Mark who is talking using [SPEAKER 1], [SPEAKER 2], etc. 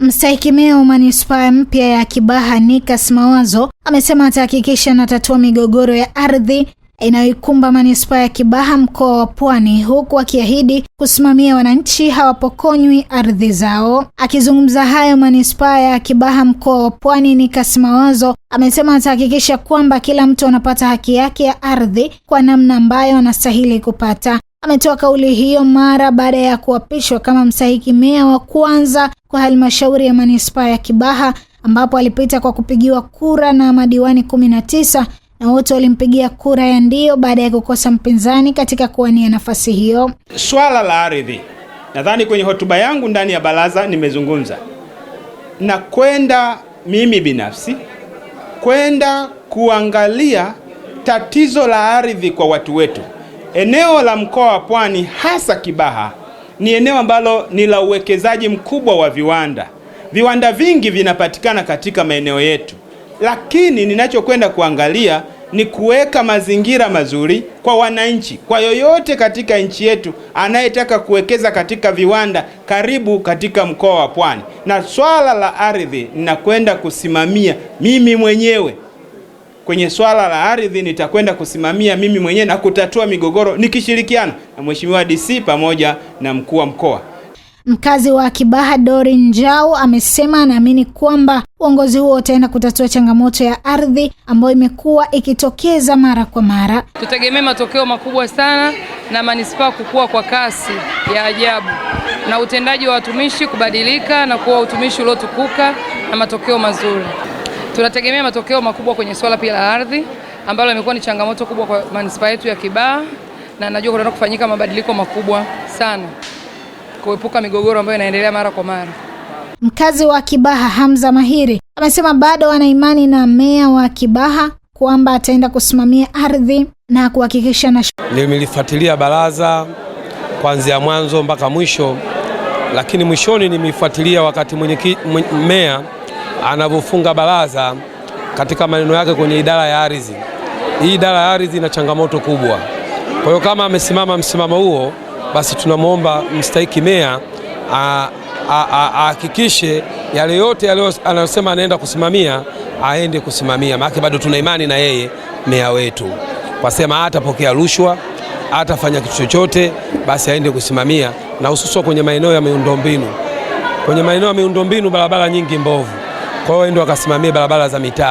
[SPEAKER 1] Msaikimeo manispaa mpya ya Kibaha Nikas Mawazo amesema atahakikisha anatatua migogoro ya ardhi inayoikumba manispaa ya Kibaha mkoa wa Pwani, huku akiahidi kusimamia wananchi hawapokonywi ardhi zao. Akizungumza hayo manispaa ya Kibaha mkoa wa Pwani, Nikas Mawazo amesema atahakikisha kwamba kila mtu anapata haki yake ya ardhi kwa namna ambayo anastahili kupata. Ametoa kauli hiyo mara baada ya kuapishwa kama mstahiki meya wa kwanza kwa halmashauri ya manispaa ya Kibaha ambapo alipita kwa kupigiwa kura na madiwani 19 na na wote walimpigia kura ya ndio baada ya kukosa mpinzani katika kuwania nafasi hiyo.
[SPEAKER 2] Swala la ardhi, nadhani kwenye hotuba yangu ndani ya baraza nimezungumza na kwenda mimi binafsi kwenda kuangalia tatizo la ardhi kwa watu wetu. Eneo la mkoa wa Pwani hasa Kibaha ni eneo ambalo ni la uwekezaji mkubwa wa viwanda. Viwanda vingi vinapatikana katika maeneo yetu, lakini ninachokwenda kuangalia ni kuweka mazingira mazuri kwa wananchi, kwa yoyote katika nchi yetu anayetaka kuwekeza katika viwanda karibu katika mkoa wa Pwani. Na swala la ardhi ninakwenda kusimamia mimi mwenyewe kwenye swala la ardhi nitakwenda kusimamia mimi mwenyewe na kutatua migogoro nikishirikiana na Mheshimiwa DC pamoja na mkuu wa mkoa.
[SPEAKER 1] Mkazi wa Kibaha Dori Njau amesema anaamini kwamba uongozi huo utaenda kutatua changamoto ya ardhi ambayo imekuwa ikitokeza mara kwa mara.
[SPEAKER 3] Tutegemee matokeo makubwa sana na manispaa kukua kwa kasi ya ajabu na utendaji wa watumishi kubadilika na kuwa utumishi uliotukuka na matokeo mazuri. Tunategemea matokeo makubwa kwenye swala pia la ardhi ambalo imekuwa ni changamoto kubwa kwa manispaa yetu ya Kibaha, na najua kutaenda kufanyika mabadiliko makubwa sana kuepuka migogoro ambayo inaendelea mara kwa mara.
[SPEAKER 1] Mkazi wa Kibaha Hamza Mahiri amesema bado ana imani na meya wa Kibaha kwamba ataenda kusimamia ardhi na kuhakikisha na
[SPEAKER 4] nimelifuatilia baraza kuanzia mwanzo mpaka mwisho, lakini mwishoni nimefuatilia wakati mwenyekiti meya anavyofunga baraza katika maneno yake kwenye idara ya ardhi. Hii idara ya ardhi ina changamoto kubwa, kwa hiyo kama amesimama msimamo huo, basi tunamwomba mstahiki meya ahakikishe yale yote anayosema anaenda kusimamia aende kusimamia, maana bado tuna imani na yeye meya wetu, kwasema hatapokea rushwa, atafanya kitu chochote, basi aende kusimamia, na hususan kwenye maeneo ya miundombinu. Kwenye maeneo ya miundombinu, barabara nyingi mbovu kwa hiyo ndio akasimamia barabara za mitaa.